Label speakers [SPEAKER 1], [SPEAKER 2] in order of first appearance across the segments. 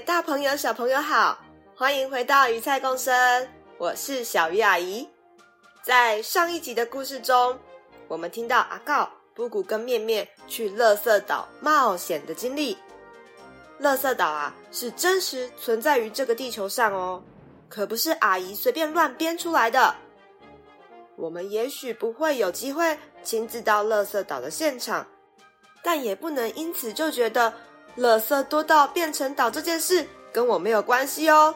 [SPEAKER 1] 大朋友、小朋友好，歡迎回到魚菜共聲，我是小魚阿姨。在上一集的故事中，我們聽到阿告、布咕跟麵麵去垃圾島冒險的經歷。垃圾島啊，是真實存在於這個地球上哦，可不是阿姨隨便亂編出來的。我們也許不會有機會親自到垃圾島的現場，但也不能因此就覺得。垃圾多到變成島這件事跟我沒有關係哦。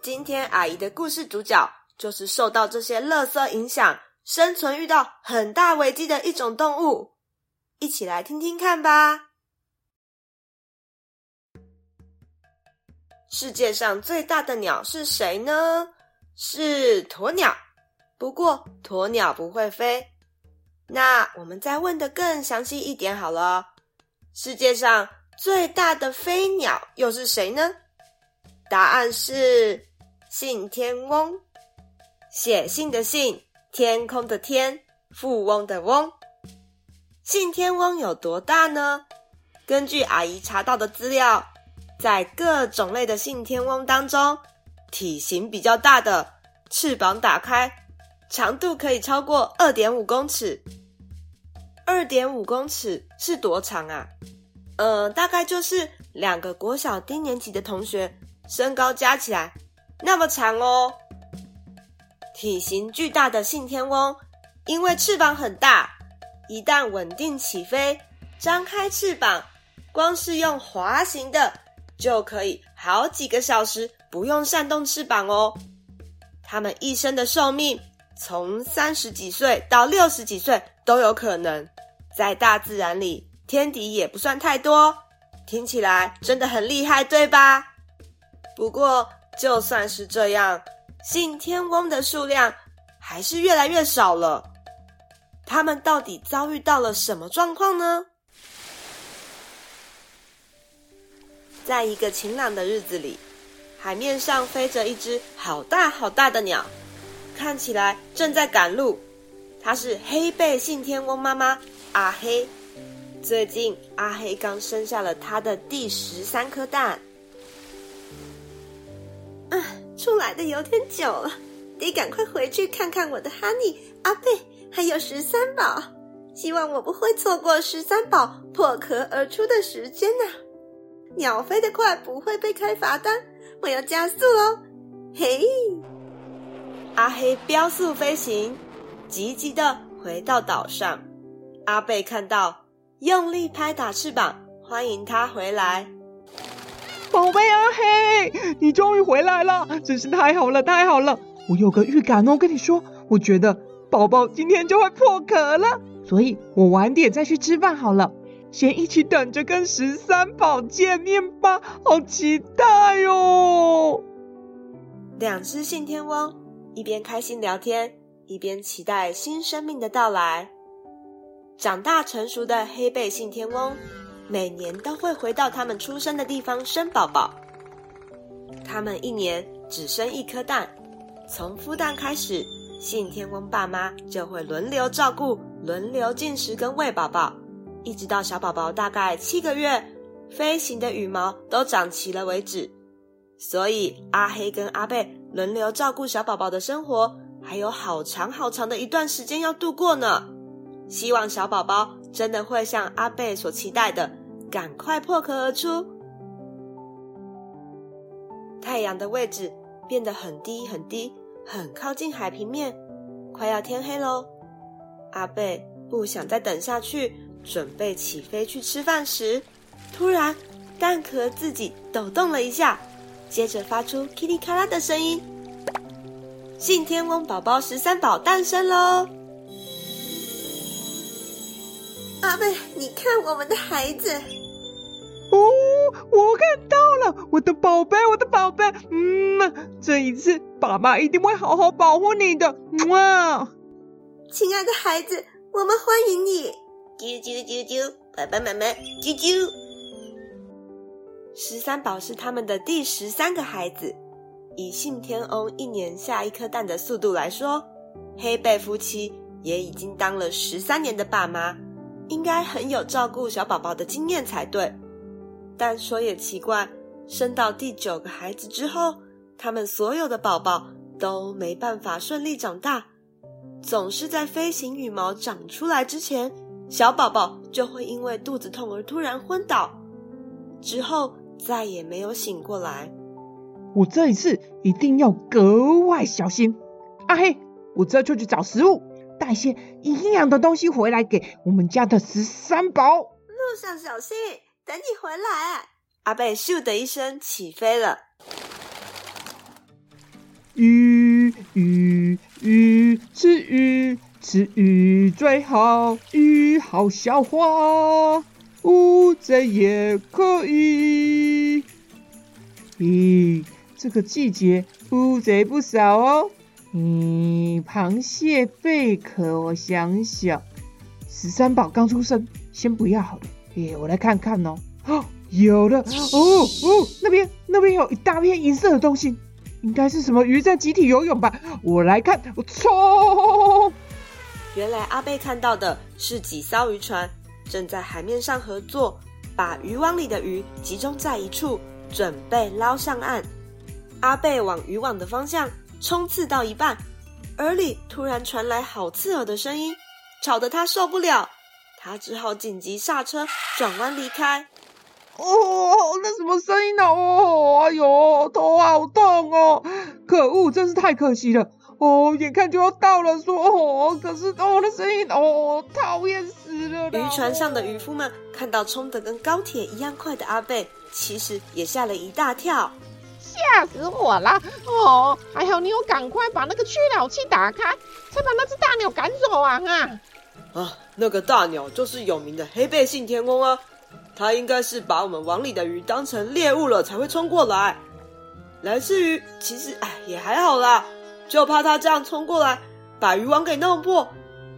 [SPEAKER 1] 今天阿姨的故事主角就是受到這些垃圾影響，生存遇到很大危機的一種動物。一起來聽聽看吧。世界上最大的鳥是誰呢？是鴕鳥。不過鴕鳥不會飛。那我們再問得更詳細一點好了。世界上最大的飛鳥又是誰呢？答案是信天翁。寫信的信，天空的天，富翁的翁。信天翁有多大呢？根據阿姨查到的資料，在各種類的信天翁當中，體型比較大的，翅膀打開，長度可以超過二點五公尺。二點五公尺是多長啊？呃，大概就是兩個國小低年級的同學身高加起來那麼長哦。體型巨大的信天翁，因為翅膀很大，一旦穩定起飛，張開翅膀，光是用滑行的就可以好幾個小時不用扇動翅膀哦。它們一生的壽命從三十幾歲到六十幾歲都有可能。在大自然裡，天敵也不算太多，聽起來真的很厲害，對吧？不過，就算是這樣，信天翁的數量還是越來越少了。他們到底遭遇到了什麼狀況呢？在一個晴朗的日子裡，海面上飛着一隻好大好大的鳥，看起來正在趕路。它是黑背信天翁媽媽。阿黑，最近阿黑剛生下了他的第十三顆蛋，嗯、啊，出來的有點久了，得趕快回去看看我的哈尼、阿貝還有十三寶。希望我不會錯過十三寶破殼而出的時間吶、啊！鳥飛得快不會被開罰單，我要加速咯。嘿、hey!，阿黑飆速飛行，急急地回到島上。阿貝看到，用力拍打翅膀，歡迎他回來。寶貝阿黑，你
[SPEAKER 2] 終於回來了，真是太好了，太好了！我有個預感哦，跟你說，我覺得寶寶今天就會破殼了，所以我晚點再去吃飯好了，先
[SPEAKER 1] 一起等着跟十三寶見面吧，好期待喲！兩隻信天翁一邊開心聊天，一邊期待新生命的到來。長大成熟的黑背信天翁，每年都會回到他們出生的地方生寶寶。他們一年只生一顆蛋，從孵蛋開始，信天翁爸媽就會輪流照顧、輪流進食跟餵寶寶，一直到小寶寶大概七個月，飛行的羽毛都長齊了為止。所以阿黑跟阿貝輪流照顧小寶寶的生活，還有好長好長的一段時間要度過呢。希望小寶寶真的會像阿貝所期待的，趕快破殼而出。太陽的位置變得很低很低，很靠近海平面，快要天黑嘍。阿貝不想再等下去，準備起飛去吃飯時，突然蛋殼自己抖動了一下，接着發出噼里克拉的聲音。信天翁寶寶十三寶誕生嘍！阿貝，你看我們的孩子
[SPEAKER 2] 哦！我看到了，我的寶貝，我的寶貝，
[SPEAKER 1] 嗯，這一次爸爸一定會好好保護你的，嗯、啊、親愛的孩子，我們歡迎你，啾啾啾啾，爸爸媽媽，啾啾！十三寶是他們的第十三個孩子。以信天翁一年下一顆蛋的速度來說，黑背夫妻也已經當了十三年的爸媽。應該很有照顧小寶寶的經驗才對，但說也奇怪，生到第九個孩子之後，他們所有的寶寶都沒辦法順利長大，總是在飛行羽毛長出來之前，小寶寶就會因為肚子痛而突然昏倒，之後再也沒有醒過來。
[SPEAKER 2] 我這一次一定要格外小心。阿黑，我這就去找食物。帶些營養的東西回來給我們家的十三寶。
[SPEAKER 1] 路上小心，等你回來。阿貝咻的一聲起飛了。
[SPEAKER 2] 魚魚魚吃魚吃魚最好，魚好消化，烏賊也可以。咦、欸，這個季節烏賊不少哦。嗯，螃蟹、貝殼，我想想，十三寶剛出生，先不要好了。耶、欸，我來看看哦、喔，有了，哦哦，那邊那邊有一大片銀色的東西，應該是什麼魚在集體游泳吧？我來看，我衝！
[SPEAKER 1] 原來阿貝看到的是幾艘漁船正在海面上合作，把漁網裡的魚集中在一處，準備撈上岸。阿貝往漁網的方向。衝刺到一半，耳裡突然傳來好刺耳的聲音，吵得他受不了，他只好緊急剎車，轉彎離開。
[SPEAKER 2] 哦，那什麼聲音呢、啊？哦，哎呦，頭好痛哦！可惡，真是太可惜了！哦，眼看就要到了說，說
[SPEAKER 1] 哦，可是哦，那聲音哦，討厭
[SPEAKER 2] 死了！漁船
[SPEAKER 1] 上的漁夫們看到衝得跟高鐵一樣快的阿貝，其實也嚇了一大跳。嚇死我了！哦，還好你有趕快把那個驅鳥器打開，才把那隻大鳥趕走啊！哈，啊，那個大鳥就是有名的黑背信天翁啊，它應該是把我們網裡的魚當成獵物了，才會衝過來。來吃魚其實哎也還好啦，就怕它這樣衝過來把漁網給弄破，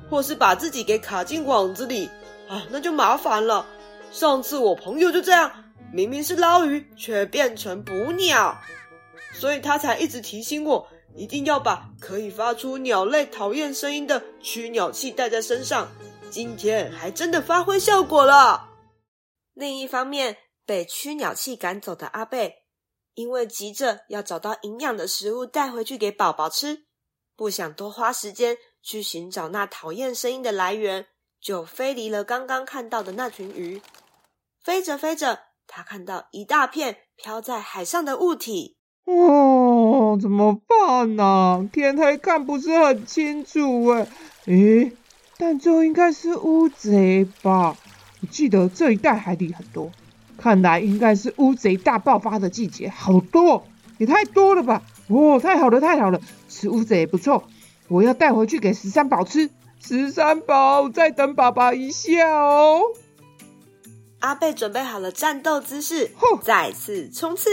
[SPEAKER 1] 或是把自己給卡進網子裡啊，那就麻煩了。上次我朋友就這樣。明明是撈魚，卻變成捕鳥，所以他才一直提醒我，一定要把可以發出鳥類討厭聲音的驅鳥器帶在身上。今天還真的發揮效果了。另一方面，被驅鳥器趕走的阿貝，因為急着要找到營養的食物帶回去給寶寶吃，不想多花時間去尋找那討厭聲音的來源，就飛離了剛剛看到的那群魚。飛着飛着。他看到一大片漂在海上的物體，
[SPEAKER 2] 哦，怎麼辦呢、啊？天黑看不是很清楚誒、欸欸，但這應該是烏賊吧？我記得這一帶海底很多，看來應該是烏賊大爆發的季節，好多，也太多了吧？哦，太好了，太好了，吃烏賊也不錯，我要帶回去給十三
[SPEAKER 1] 寶吃。十三寶，再等爸爸一下哦。阿貝準備好了戰鬥姿勢，呼再次衝刺！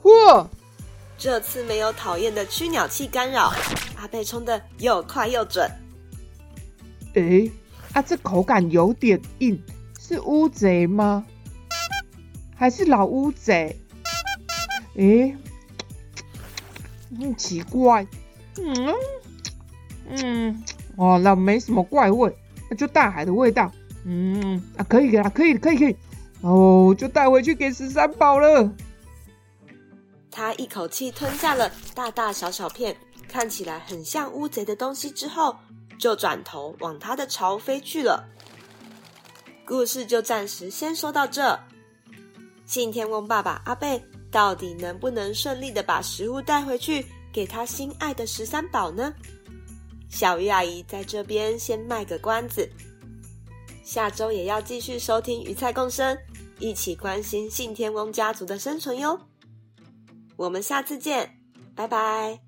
[SPEAKER 1] 嚯、啊！這次沒有討厭的驅鳥器干擾，阿貝衝得又快又準。
[SPEAKER 2] 誒，啊，這口感有點硬，是烏賊嗎？還是老烏賊？誒，很、嗯、奇怪。嗯嗯，哦，那沒什麼怪味，那、啊、就大海的味道。嗯啊，可以給他，可以，可以，可以，哦，就帶回去給十三寶了。
[SPEAKER 1] 他一口氣吞下了大大小小片，看起來很像烏賊的東西之後，就轉頭往他的巢飛去了。故事就暫時先說到這。信天翁爸爸阿貝到底能不能順利的把食物帶回去給他心愛的十三寶呢？小魚阿姨在這邊先賣個關子。下週也要繼續收聽《魚菜共聲》，一起關心信天翁家族的生存喲。我們下次見，拜拜。